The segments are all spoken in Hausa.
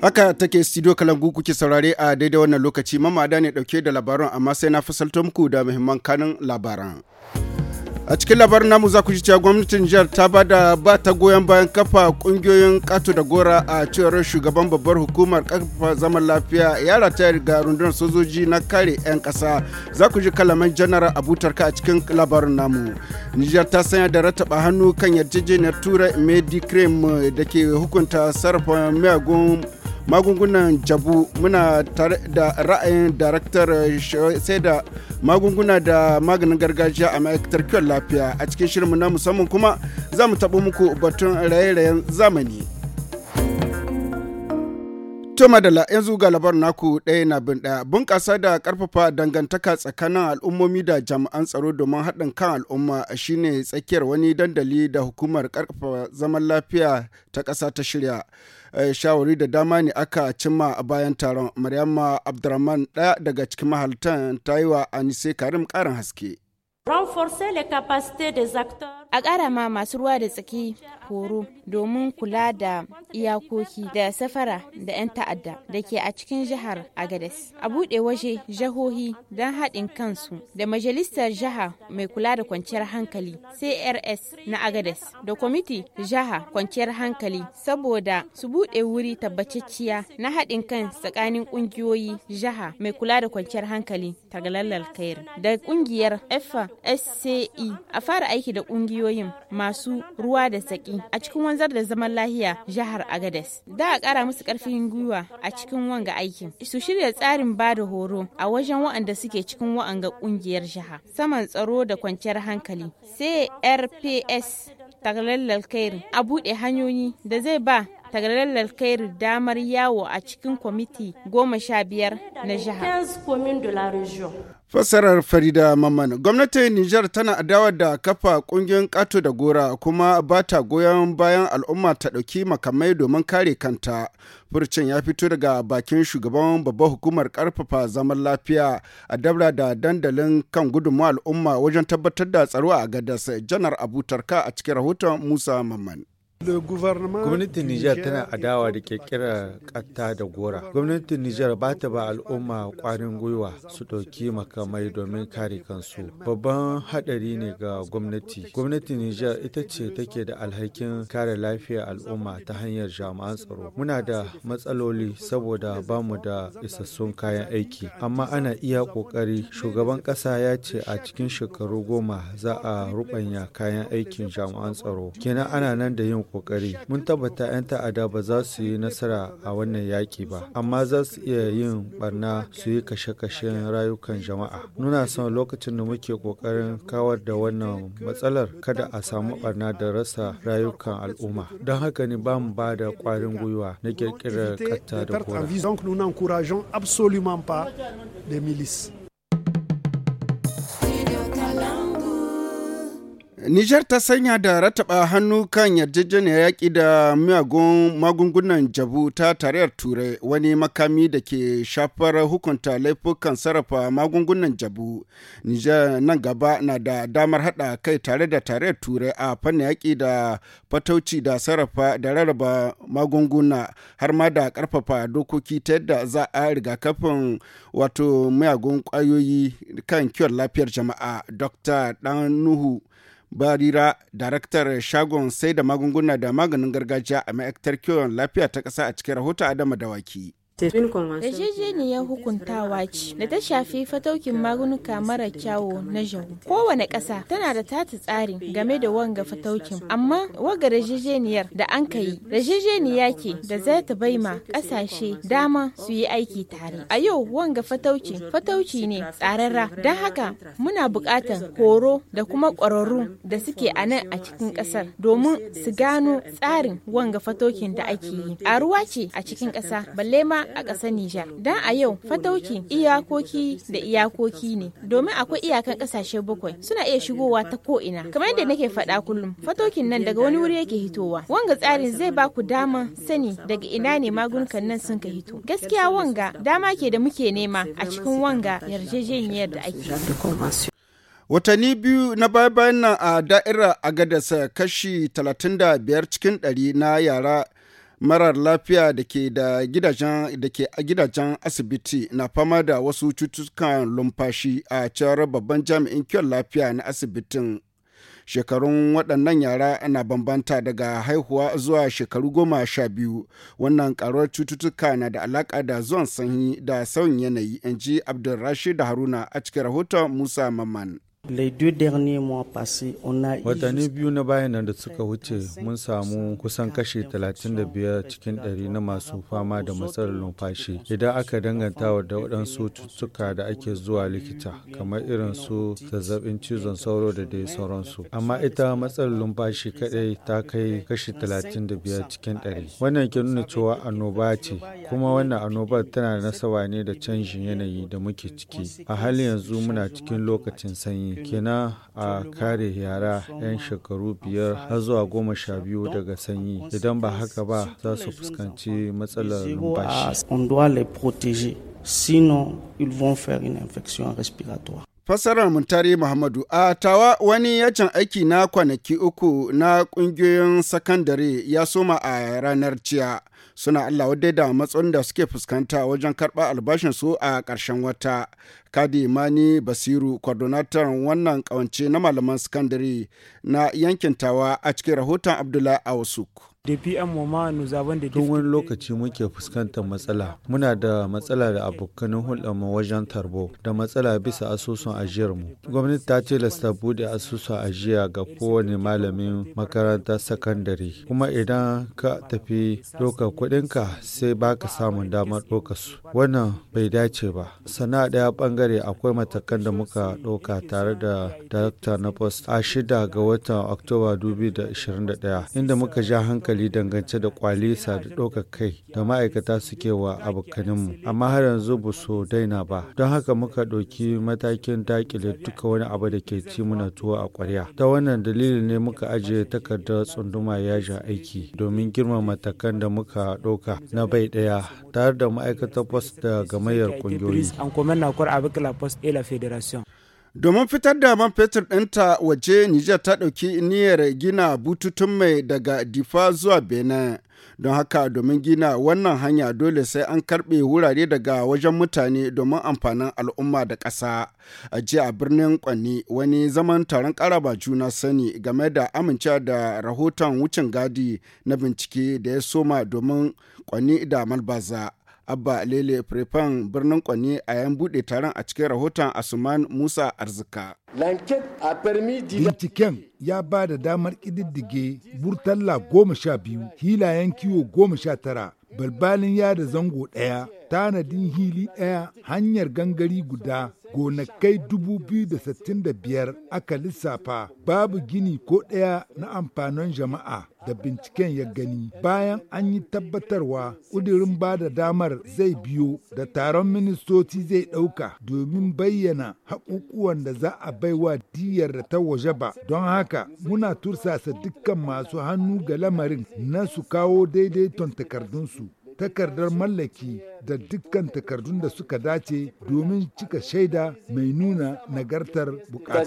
Haka take studio kalangu kuke saurare a daidai wannan lokaci mamada ne dauke da labaran amma sai na fasalto muku da muhimman kanin labaran. A cikin labarin namu za ku ji cewa gwamnatin jihar ta ba da ba ta goyon bayan kafa kungiyoyin kato da gora a cewar shugaban babbar hukumar kafa zaman lafiya yara ta ga rundunar sojoji na kare 'yan kasa za ku ji kalaman janar abutarka a cikin labarin namu. Nijar ta sanya da rataba hannu kan yarjejeniyar tura medicrem da ke hukunta sarrafa miyagun magungunan jabu muna tare da ra'ayin daraktar eh, sai da magunguna da maganin gargajiya a ma'aikatar kiwon lafiya a cikin shirin na musamman kuma za mu taɓa muku batun raye-rayen zamani. To madala yanzu ga labar naku ɗaya na bin ɗaya bunƙasa da ƙarfafa dangantaka tsakanin al'ummomi da jami'an tsaro domin haɗin kan al'umma shine tsakiyar wani dandali da hukumar ƙarfafa zaman lafiya ta ƙasa ta shirya. Eh, shawari da dama ne aka cimma a bayan taron Maryamma Abdurrahman ɗaya daga cikin mahalartan ta yi wa Anise Karim ƙarin haske. Renforcer les capacités des a ƙara ma masu ruwa da tsaki horo domin kula da iyakoki da safara da 'yan ta'adda da ke a cikin jihar agades a buɗe waje jihohi don haɗin kansu da majalisar jiha mai kula da kwanciyar hankali crs na agades da kwamiti jiha kwanciyar hankali saboda su buɗe wuri tabbacicciya na haɗin kan tsakanin ƙungiyoyi jiha mai kula da kwanciyar hankali tagalallar kayar da ƙungiyar fsci e. a fara aiki da ƙungiyoyi kungiyoyin masu ruwa da saki a cikin wanzar da zaman lahiya jihar Agades. Da a kara musu karfin gwiwa a cikin wanga aikin. Su shirya tsarin ba da horo a wajen waɗanda suke cikin wa'anga ƙungiyar jiha. Saman tsaro da kwanciyar hankali. CRPS tagalallar kairi a buɗe hanyoyi da zai ba tagalalar kairi damar yawo a cikin kwamiti goma sha biyar na jiha. Fassarar Farida Maman, gwamnatin Nijar tana adawa da kafa kungiyar kato da gora kuma ba ta goyon bayan al'umma ta ɗauki makamai domin kare kanta. Furcin ya fito daga bakin shugaban babbar hukumar karfafa zaman lafiya a dabra da dandalin kan gudunmu al'umma wajen tabbatar da tsaro a gadas janar abutarka a cikin rahoton Musa mamman. Gwamnatin Nijar tana adawa da kirkirar ƙatta da gora. Gwamnatin Nijar ba ta ba al'umma ƙwarin gwiwa su ɗauki makamai domin kare kansu. Babban haɗari ne ga gwamnati. Gwamnatin Nijar ita ce take da alhakin kare lafiyar al'umma ta hanyar jami'an tsaro. Muna da matsaloli saboda ba mu da isassun kayan aiki. Amma ana iya ƙoƙari. Shugaban ƙasa ya ce a cikin shekaru goma za a ruɓanya kayan aikin jami'an tsaro. Kenan ana nan da yin kokari. Mun tabbata 'yan ta'ada ba za su yi nasara a wannan yaƙi ba, amma za su iya yin barna su yi kashe-kashen rayukan jama'a. nuna son lokacin da muke kokarin kawar da wannan matsalar kada a samu barna da rasa rayukan al'umma. Don haka ne ba mu ba da ƙwarin gwiwa na ƙirƙirar katta da kora. Nijar ta sanya da rataba hannu kan yarjejeniyar yaƙi da miyagun magungunan jabu ta tarayyar Turai wani makami da ke shafar hukunta laifukan sarrafa magungunan jabu. Nijar nan gaba na da damar haɗa kai tare da tarayyar Turai a fannin yaƙi da fatauci da sarrafa da rarraba magunguna har ma da ƙarfafa dokoki ta yadda za a rigakafin wato miyagun kwayoyi kan kiwon lafiyar jama'a. Dr. Dan Nuhu barira daraktar shagon sai da magunguna da maganin gargajiya a ma'aikatar kiwon lafiya ta ƙasa a cikin rahoton adama dawaki Yarjejeniyar hukuntawa ce da ta shafi fataukin magunuka mara kyawo na jahu. Kowane ƙasa tana da tata tsarin game da wanga fataukin, amma waga rajejeniyar da an ka yi, yarjejeniya ke da za ta baima ƙasashe dama su yi aiki tare. A yau wanga fataukin fatauci ne tsararra, don haka muna buƙatar horo da kuma ƙwararru da suke a nan a cikin ƙasar domin su gano tsarin wanga fataukin da ake yi. A ruwa ce a cikin ƙasa, balle ma a ƙasar Nijar. don a yau fatauki iyakoki da iyakoki ne domin akwai iyakan ƙasashe bakwai suna iya shigowa ta ko ina. Kamar yadda nake faɗa kullum fatokin nan daga wani wuri yake hitowa. Wanga tsarin zai ba ku dama sani daga ina ne magungunan nan sun ka hito. Gaskiya wanga dama ke da muke nema a cikin wanga yarjejeniyar da ake. Watanni biyu na baya-bayan nan a da'ira a gadasa kashi 35 cikin ɗari na yara marar lafiya da ke da gidajen asibiti na fama da wasu cututtukan lumfashi a cewar babban jami'in kiwon lafiya na asibitin shekarun waɗannan yara na bambanta daga haihuwa zuwa shekaru goma sha biyu wannan karuwar cututtuka na da alaƙa da zuwan sanyi da sauyin yanayi in ji da haruna a cikin rahoton musa mamman watanni biyu na bayan nan da suka wuce mun samu kusan kashi 35 cikin 100 na masu fama da matsalar numfashi idan aka danganta da waɗansu cututtuka da ake zuwa likita kamar irin su zazzabin cizon sauro da dai sauransu amma ita matsalar numfashi kadai ta kai kashi 35 cikin 100 wannan ke nuna cewa annoba ce kuma wannan annobar tana da nasaba ne da canjin yanayi da muke ciki a halin yanzu muna cikin lokacin sanyi ne a kare yara 'yan shekaru biyar har zuwa goma sha biyu daga sanyi idan ba haka ba za su fuskanci matsalar numfashi. Ah, Sinon, infection Fassarar Muntari Muhammadu a tawa wani yacin aiki na kwanaki uku na kungiyoyin sakandare ya soma a ranar jiya suna Allah wadda da matsalolin da suke fuskanta wajen karɓa albashinsu a ƙarshen wata Kadi Mani Basiru, coordinator wannan kawance na malaman sakandare na yankin Tawa a cikin rahoton Abdullah Awasuk. Tun wani lokaci muke fuskantar matsala. Muna da matsala da abokanin hulɗarmu wajen tarbo da matsala bisa asusun ajiyarmu. Gwamnati ta tilasta buɗe asusun ajiya ga kowane malamin makarantar sakandare. Kuma idan ka tafi ɗaukar kuɗinka sai baka samun damar ɗaukar su. Wannan bai dace ba. Sana'a ɗaya ɓangare bangare akwai matakan da muka ɗauka tare da darakta na post a shida ga watan oktoba 2021 inda muka ja hankali dangance da kwalisa da ɗaukar kai da ma'aikata suke wa abokaninmu amma har yanzu ba su daina ba don haka muka ɗauki matakin dakile duka wani abu da ke ci muna tuwo a kwarya ta wannan dalilin ne muka ajiye takardar tsunduma yajin aiki domin girmama matakan da muka ɗauka na bai ɗaya tare da ma'aikatar post da gamayyar ƙungiyoyi avec la et la fédération. Domin fitar da man fetur ɗinta waje Nijar ta ɗauki niyyar gina bututun mai daga Difa zuwa Benin. Don haka domin gina wannan hanya dole sai an karɓe wurare daga wajen mutane domin amfanin al'umma da ƙasa. A jiya a birnin Kwanni wani zaman taron ƙaraba juna sani game da amincewa da rahoton wucin gadi na bincike da ya soma domin Kwanni da Malbaza. Abba Lele prepan birnin Kwanne a yan buɗe taron a cikin rahoton Asuman Musa Arzika. Binciken ya ba da damar ƙididdige burtalla goma sha biyu, hilayen kiwo goma sha tara, balbalin yada zango ɗaya, tanadin hili ɗaya, hanyar gangari guda, gonakai biyar aka lissafa babu gini ko ɗaya na amfanin jama'a da binciken ya gani bayan an yi tabbatarwa ƙudurin ba da damar zai biyo da taron ministoci zai ɗauka domin bayyana haƙuƙuwan da za a baiwa diyar da ta waje ba don haka muna tursasa dukkan masu hannu ga lamarin na su kawo daidaiton takardunsu takardar mallaki da dukkan takardun da suka dace domin cika shaida mai nuna nagartar bukata.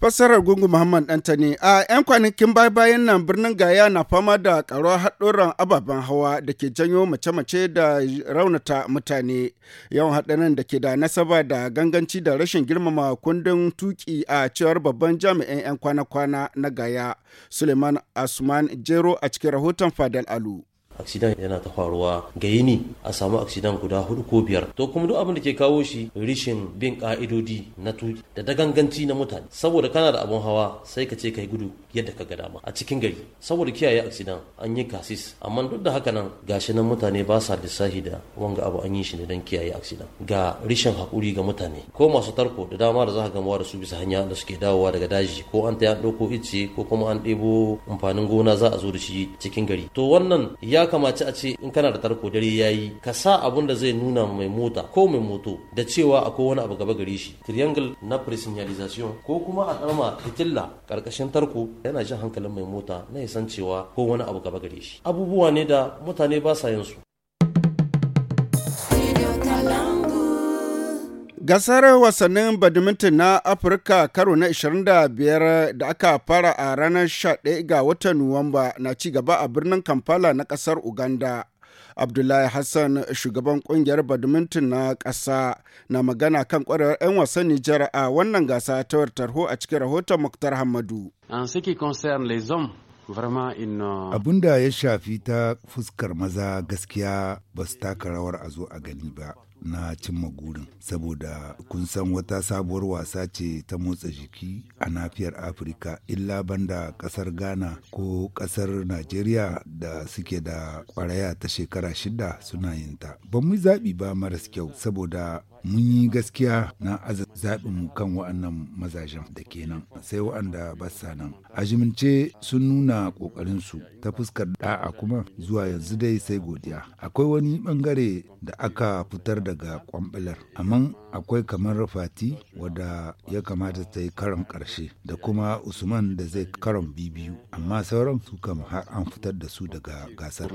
Fassarar Gungu Muhammad Dantani a 'yan kwanakin baya-bayan nan birnin Gaya na fama da karo haɗurran ababen hawa da ke janyo mace-mace da raunata mutane. Yawan haɗarin da ke da nasaba da ganganci da rashin girmama kundin tuki a cewar babban jami'in 'yan kwana-kwana na Gaya, Suleiman Asman Jero a cikin rahoton Fadal Alu. aksidan yana ta faruwa ga yini a samu aksidan guda hudu ko biyar to kuma duk abin da ke kawo shi rishin bin ka'idodi na tuki da daganganci na mutane saboda kana da abun hawa sai ka ce kai gudu yadda ka ga dama a cikin gari saboda kiyaye aksidan an yi kasis amma duk da haka nan gashi nan mutane ba sa sahi da wanga abu an yi shi ne don kiyaye aksidan ga rishin hakuri ga mutane ko masu tarko da dama da za ka gamawa da su bisa hanya da suke dawowa daga daji ko an ta ya ɗauko ice ko kuma an ɗebo amfanin gona za a zo da shi cikin gari to wannan ya ya a ce in kana da tarko dare ya yi ka sa abun da zai nuna mai mota ko mai moto da cewa akwai wani abu gaba gare shi triangle na presignalization ko kuma a tsarma fitilla karkashin tarko yana jin hankalin mai mota na ya cewa ko wani abu gaba gare shi abubuwa ne da mutane ba sa yin su Gasar wasannin badminton na Afirka karo na 25 da aka fara a ranar 11 ga watan Nuwamba na ci gaba a birnin Kampala na kasar Uganda. Abdullahi Hassan shugaban kungiyar badminton na ƙasa na magana kan kwarewar 'yan wasan Nijar a wannan gasa ta tarho a cikin rahoton Muktar Hamadu. abinda ya shafi ta fuskar maza gaskiya ba su taka rawar a zo a gani ba na cimma gurin saboda kun san wata sabuwar wasa ce ta motsa jiki a nafiyar afirka illa banda kasar ghana ko kasar najeriya da suke da kwaraya ta shekara shida suna yin ta ba mu zaɓi ba maras kyau saboda mun yi gaskiya na zaɓinmu kan waɗannan mazajen da kenan sai wa'anda ba sa nan a jimince sun nuna su. ta fuskar da'a kuma zuwa yanzu dai sai godiya akwai wani ɓangare da aka fitar daga kwambilar amma akwai kamar fati wadda ya kamata ta yi karon ƙarshe da kuma usman da zai karan bibiyu amma sauran su kam har an fitar da su daga gasar.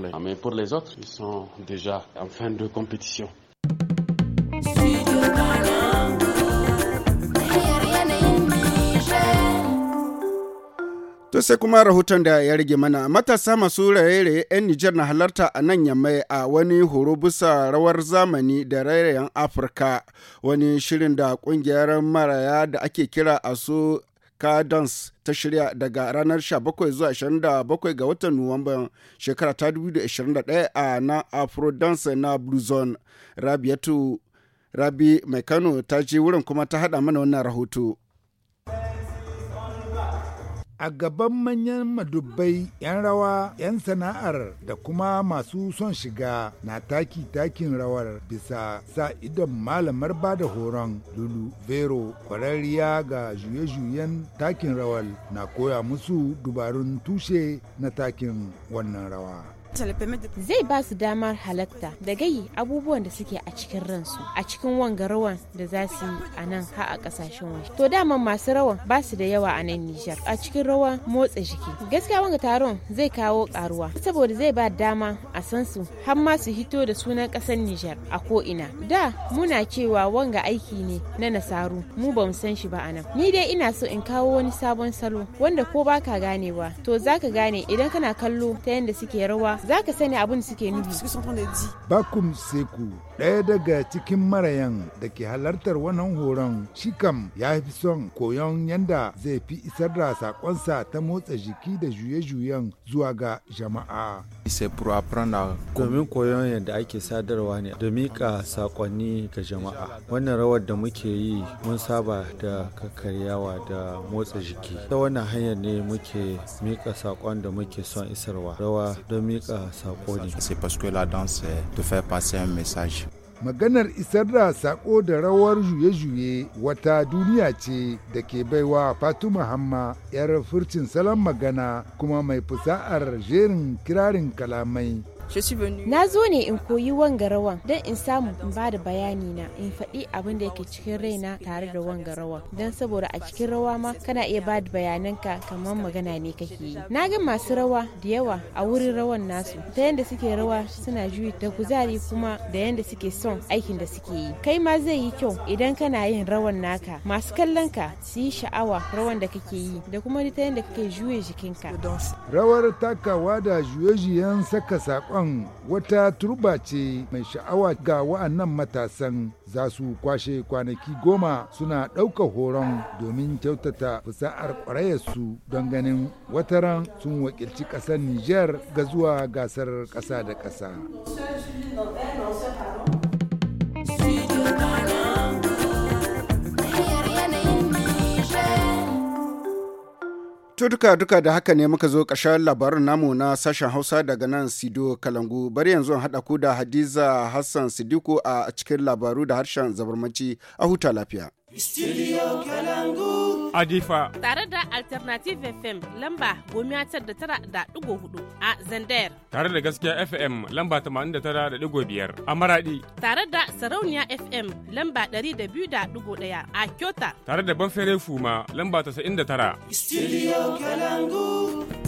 sai kuma rahoton da ya rage mana matasa masu raye-raye 'yan Nijar na halarta a nan yamai a wani horo bisa rawar zamani da rairayen Afirka wani shirin da kungiyar maraya da ake kira a su Cadence ta shirya daga ranar 17 zuwa 27 ga watan nuwamba shekara ta 2021 a na Afro Dance na Blue Zone. Rabiatu Rabi Mai Kano ta je wurin kuma ta haɗa mana wannan rahoto. a gaban manyan madubbai 'yan rawa 'yan sana'ar da kuma masu son shiga na taki takin rawar bisa sa idon malamar bada horon lulu vero kwararriya ga juye-juyen takin rawar na koya musu dubarun tushe na takin wannan rawa Zai ba su damar halatta da gayi abubuwan da suke a cikin ransu a cikin wanga rawan da za su yi a nan ha a kasashen waje. To dama masu rawan ba su da yawa a nan Nijar a cikin rawan motsa jiki. Gaskiya wanga taron zai kawo karuwa saboda zai ba dama a san su har ma su hito da sunan kasar Nijar a ko ina. Da muna cewa wanga aiki ne na nasaru mu ba mu san shi ba a nan. Ni dai ina so in kawo wani sabon salo wanda ko baka ganewa to zaka gane idan kana kallo ta yadda suke rawa za ka sani abin da suke nufi. Bakum Seku ɗaya daga cikin marayan da ke halartar wannan horon shi ya fi son koyon yanda zai fi isar da sakonsa ta motsa jiki da juye-juyen zuwa ga jama'a. Domin koyon yadda ake sadarwa ne da miƙa sakonni ga jama'a. Wannan rawar da muke yi mun saba da kakaryawa da motsa jiki. Ta wannan hanyar ne muke mika sakon da muke son isarwa rawa don miƙa Maganar isar da saƙo da rawar juye-juye wata duniya ce da ke baiwa Fatuma Hamma 'yar furcin salon magana kuma mai fusa'ar jerin kirarin kalamai Na zo ne in koyi wangarawan don in samu in ba da bayani na in faɗi abin da yake cikin raina tare da wangarawan don saboda a cikin rawa ma kana iya ba da bayananka kamar magana ne kake yi. Na ga masu rawa da yawa a wurin rawan nasu ta yadda suke rawa suna juyi da kuzari kuma da yadda suke son aikin da suke yi. Kai ma zai yi kyau idan kana yin rawan naka masu kallon ka su yi sha'awa rawan da kake yi da kuma ta yadda kake juye jikinka. Rawar takawa da juye-juyen saka saƙon kan wata turba ce mai sha'awa ga wa'annan matasan za su kwashe kwanaki goma suna ɗaukar horon domin kyautata fusa'ar su don ganin wataran sun wakilci ƙasar Nijar ga zuwa gasar ƙasa da ƙasa. To duka duka da haka ne muka zo ƙarshen labarin namu na sashen Hausa daga nan Sido Kalangu. Bari yanzu haɗa ku da Hadiza Hassan Sidiko a cikin labaru da harshen zabarmaci a huta lafiya. Studio Kalangu. Adifa. Tare da Alternative FM lamba goma tar da tara da ɗigo hudu a zander. Tare da gaskiya FM lamba tamanin da tara da ɗigo biyar a Maradi. Tare da Sarauniya FM lamba ɗari da biyu da ɗigo ɗaya a Kyota. Tare da Banfere Fuma lamba tasa'in da tara. Studio Kalangu.